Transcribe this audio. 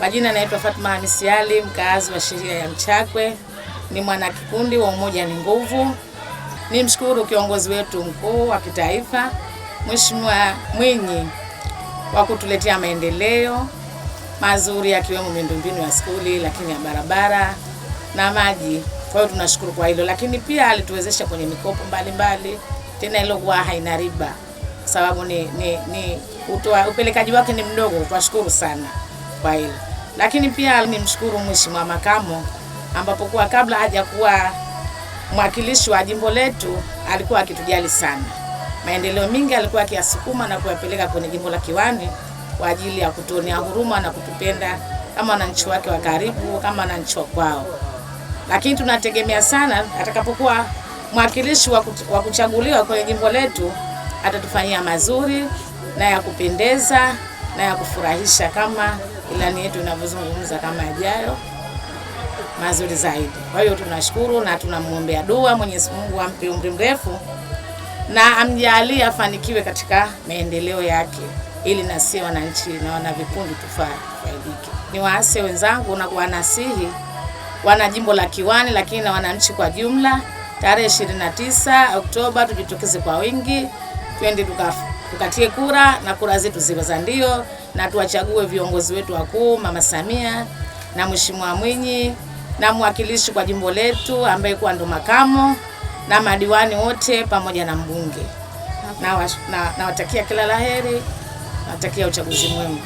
Kwa jina naitwa Fatma Hamisi Ali, mkaazi wa sheria ya Mchakwe, ni mwanakikundi wa Umoja ni Nguvu. Ni mshukuru kiongozi wetu mkuu wa kitaifa Mheshimiwa Mwinyi kwa kutuletea maendeleo mazuri yakiwemo miundombinu ya skuli, lakini ya barabara na maji. Kwa hiyo tunashukuru kwa hilo, lakini pia alituwezesha kwenye mikopo mbalimbali mbali, tena ilokuwa haina riba sababu ni, ni, ni upelekaji wake ni mdogo. Twashukuru sana kwa hilo. Lakini pia nimshukuru Mheshimiwa Makamo ambapo kwa kabla hajakuwa mwakilishi wa jimbo letu alikuwa akitujali sana. Maendeleo mingi alikuwa akiyasukuma na kuyapeleka kwenye jimbo la Kiwani kwa ajili ya kutuonea huruma na kutupenda kama wananchi wake wa karibu, kama wananchi wa kwao. Lakini tunategemea sana atakapokuwa mwakilishi wa kuchaguliwa kwenye jimbo letu atatufanyia mazuri na ya kupendeza na ya kufurahisha kama ilani yetu inavyozungumza kama yajayo mazuri zaidi. Kwa hiyo tunashukuru na tunamwombea dua Mwenyezi Mungu ampe umri mrefu na amjalie afanikiwe katika maendeleo yake, ili nasi wananchi na wana vikundi tufaidike. Ni waase wenzangu na kuwanasihi wana jimbo la Kiwani, lakini na wananchi kwa jumla, tarehe 29 Oktoba tujitokeze kwa wingi, twende tukafu tukatie kura na kura zetu ziwe za ndio, na tuwachague viongozi wetu wakuu, Mama Samia na Mheshimiwa Mwinyi na mwakilishi kwa jimbo letu ambaye kuwa ndo makamo na madiwani wote pamoja na mbunge. Nawatakia na, na kila laheri, nawatakia uchaguzi mwema.